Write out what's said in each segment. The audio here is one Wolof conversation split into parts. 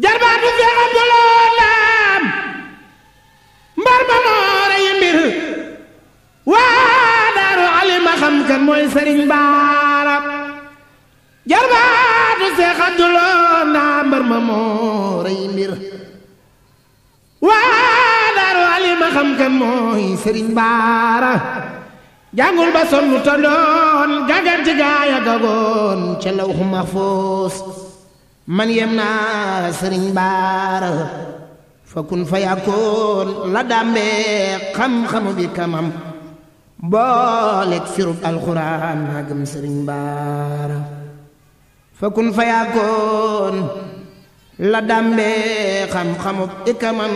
jarbaatu Seex Abdulaa Ndaam mbar ma moore yi mbir waa daaru alima xam kan mooy sëriñ baara jarbaatu Seex ba sonn tondoon gàggar gaaya gagoon ca lawhu mahfuus man yem naa sëriñ baara fa kun fa yàkkoon la dàmbee xam-xamu bi kamam booleeg firub alxuraan maa gëm sëriñ baara fa fa yàkkoon la dàmbee xam-xamu bi kamam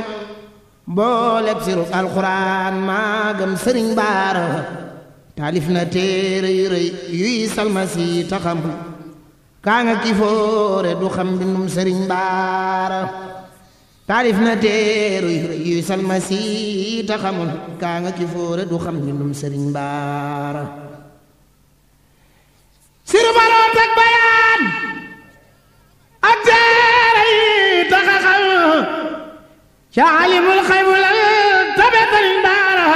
booleeg firub alxuraan maa gëm sëriñ baara taalif na téere yu rëy yuy salmasi taxamul kaa nga kifoore du xam mbindum sëriñ baara taalif na teeru yuy salmasi ta xamul kifoore du xam mbindum sëriñ baara siru baroot ak bayaan ak teere taxa xam ca alimul xaybulal tabe baara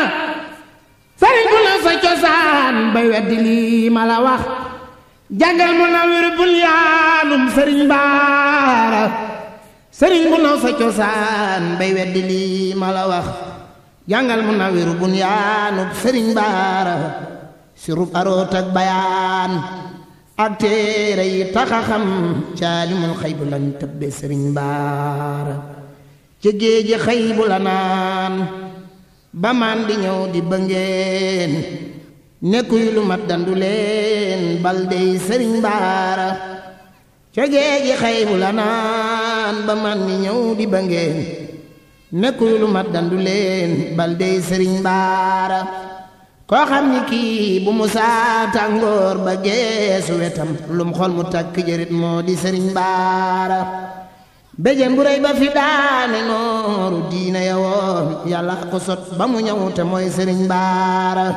sëriñ bu la cosaan bay weddi lii ma la jàngal mu nawir bul yaalum sëriñ baara sëriñ bu naw sa cosaan bay weddi lii ma la wax jàngal mu nawir bun yaanub sëriñ baara si rub aroot bayaan ak téere yi taxa xam caalimul xëy bu lañ tëbbe sëriñ baara ci géeji xëy bu la naan ba maan di ñëw di bëngeen nekkuy lu mat dandu leen bal dey sëriñ baara cogee ji xaybu la naan ba man ni ñëw di ba ngeen nekkuy lu mat dandu leen bal sëriñ baara koo xam ni kii bu musaa tàngoor ba geesu wetam lum xol mu takk jërit moo di sëriñ baara béjéen bu réy ba fi daane nooru diina ya woon yàlla ko sot ba mu ñëw te sëriñ baara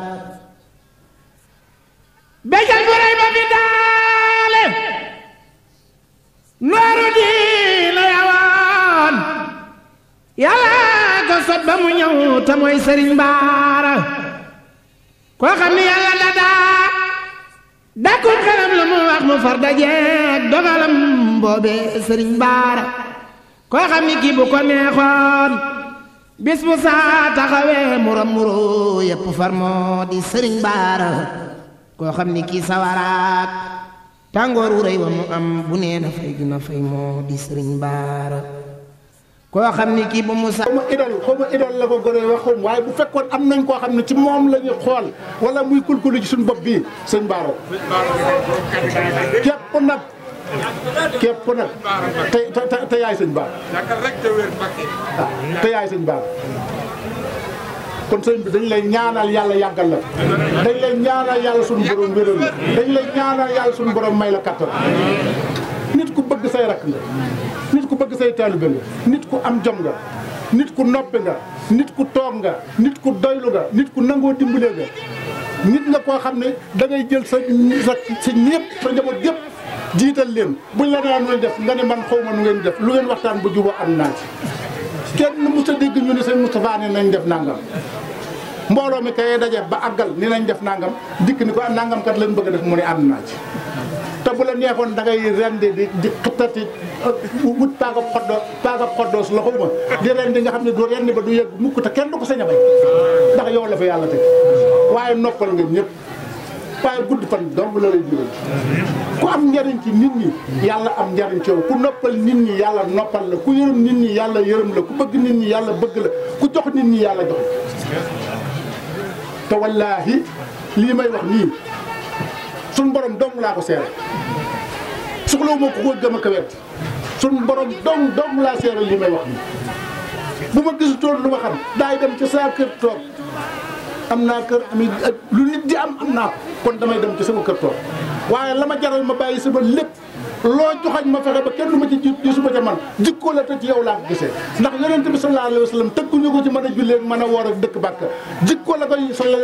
béjjën bu ba fi daale nooru diine yawaan yàlla ko sot mu ñëw mooy sëriñ baara koo xam ni yàlla dadaa dakkul xelam lu mu wax mu far dajeeg dogalam boobe sëriñ baara koo xam kii bu ko neexoon bis bu saa taxawee muram muru yépp far moo di sëriñ baara koo xam ni kii sawaraat tàngoor wu rëy mu am bu nee na dina fay moo di sëriñ baara koo xam ni kii ba mu sa xaw ma idol xaw ma idol la ko gën a waaye bu fekkoon am nañ koo xam ne ci moom la ñu xool wala muy kulkulu ci suñu bopp bii sëñ baaro képp nag képp nag te te te yaay sëñ baar te yaay sëñ baar kon sëriñ bi dañ lay ñaanal yàlla yàggal la dañ lay ñaanal yàlla suñu borom wéral la dañ lay ñaanal yàlla suñu borom may la kattan nit ku bëgg say rakk nga nit ku bëgg say taalibe nga nit ku am jom nga nit ku noppi nga nit ku toog nga nit ku doylu nga nit ku nangoo dimbalee nga nit nga koo xam ne da jël sa sa sa ñëpp sa njaboot yëpp jiital leen buñ la daan def nga ne man xaw ma nu ngeen def lu ngeen waxtaan bu juboo am naa kenn mu sa dégg ñu ne sëñ Moustapha ne nañ def nangam mbooloo mi kay daje ba aggal ni nañ def nangam dikk ni ko am ah, nangam kat lañ bëgg def mu ne ànd naa ci. te bu la neexoon da ngay rendi di di xëttati uh, wut paagab xoddo paagab xoddoos loxo ma di rendi nga xam ne du rendi ba du yëg mukk te kenn du ko sañ a bañ ndax yow la fa yàlla teg waaye noppal ngeen ñëpp. waaye gudd fan dong la lay jural ku am njariñ ci nit ñi yàlla am njariñ ci yow ku noppal nit ñi yàlla noppal la ku yërëm nit ñi yàlla yërëm la ku bëgg nit ñi yàlla bëgg la ku jox nit ñi yàlla jox te wallaahi lii may wax nii suñ borom dong laa ko seere soxlawu ma ko ko gëm ak a wet suñ borom dong dong laa seere lii may wax nii bu ma gisutoon lu ma xam daay dem ci saa kër toog am naa kër am lu nit di am am naa ko kon damay dem ci sama kër toog waaye la ma jaral ma bàyyi sama lépp loo joxañ ma fexe ba kenn du ma ci ji gisuma ca man jikkoo la te ci yow laa ko gisee ndax yonente bi sallallahu alayhi wa sallam tëgguñu ko ci mën a jullee mën a woor ak dëkk bàkka jikkoo la koy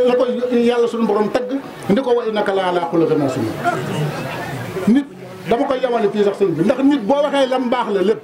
la koy yàlla suñu borom tagg ndi ko wa innaka la ala xuluqin azim nit dama koy yemale fii sax sëñ bi ndax nit boo waxee lam baax la lépp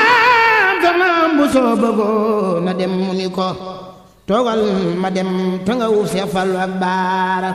soo bëggoon a dem mu ni ko toogal ma dem te nga wuuf ya falu ak baara